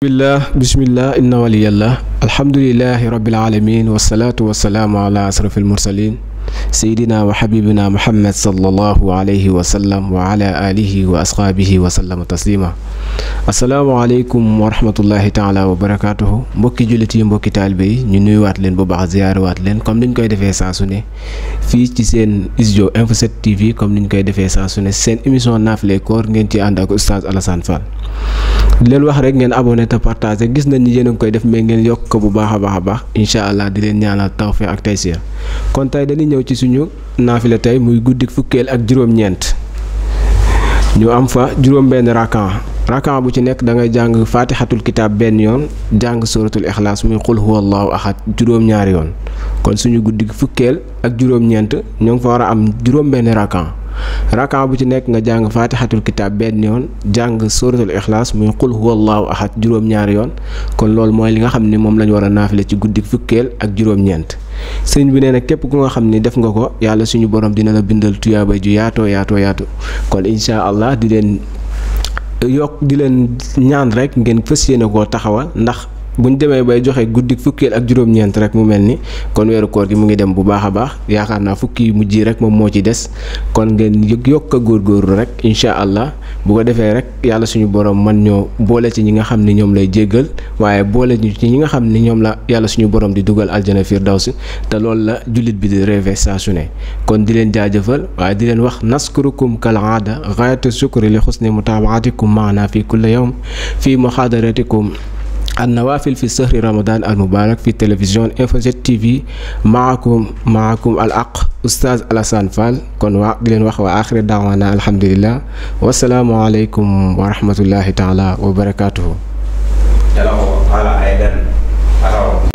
billah bismillah inna waliyallah alhamdulilahi rabbil alamin wasalaatu wasalaamu ala asrafil mursalin seydina wa xabibina muhammad sallallahu alayhi wa sallam wa ala alihi wa asxaabihi wa sallama taslima assalaamu aleykum wa rahmatullahi taala wa barakaatuhu mbokki jullit yi mbokki taalibe yi ñu nuyuwaat leen bu baax ziyaarawaat leen comme ñu koy defee saa su ne fii ci seen ISJO Info 7 TV comme niñ koy defee saa su ne seen émission naafile koor ngeen ci ànd ak oustaz Alassane Fall di leen wax rek ngeen abonné te partagé gis nañ ni yéen a koy def mais ngeen yokk ko bu baax a baax a baax incha allah di leen ñaanal tawfeex ak tayseer kon tey dañuy ñëw ci suñu naafila tey muy guddik fukkeel ak juróom-ñeent ñu am fa juróom-benn rakan rakan bu ci nekk da ngay jàng faatixatul kitaab benn yoon jàng suratul ixlaas muy xul huwallahu ahad juróom-ñaari yoon kon suñu guddik fukkeel ak juróom ñoo ngi fa war a am juróom-benn rakan raka bu ci nekk nga jàng faatixatul kitaab benn yoon jàng sóoratul ixlaas muy qul huwallahu ahad juróom-ñaari yoon kon loolu mooy li nga xam ne moom lañu war a naafile ci guddi fukkeel ak juróom-ñeent sëriñ bi nee képp ku nga xam ni def nga ko yàlla suñu borom dina la bindal tuyaaba ju yaatoo yaatoo yaatu kon incha allah di leen yokk di leen ñaan rek ngeen fas yéene koo taxawal ndax bu ñu demee bay joxe guddi fukkeel ak juróom-ñeent rek mu mel ni kon weeru koor gi mu ngi dem bu baax a baax yaakaar naa fukki yu mujj rek moom moo ci des kon ngeen yokk góor góorgóorlu rek incha allah bu ko defee rek yàlla suñu borom man ñoo boole ci ñi nga xam ne ñoom lay jéggal waaye boole ci ñi nga xam ni ñoom la yàlla suñu borom di dugal aljana firdawsi te loolu la jullit bi di rêvé saa su ne kon di leen jaajëfal waaye di leen wax naskurukum kal aada gaayatu sukri li xusni mutaabaatikum maana fi kulli yawm fi muxaadaratikum النوافل في شهر رمضان المبارك في تلفزيون إنفوجيت تي في معكم معكم الأق أستاذ ألاسان فال kon waa di leen wax waa aaxiri daawaana alhamdulilah wasalaamualeykum wa rahmatullahi taala wa barakaatuhu.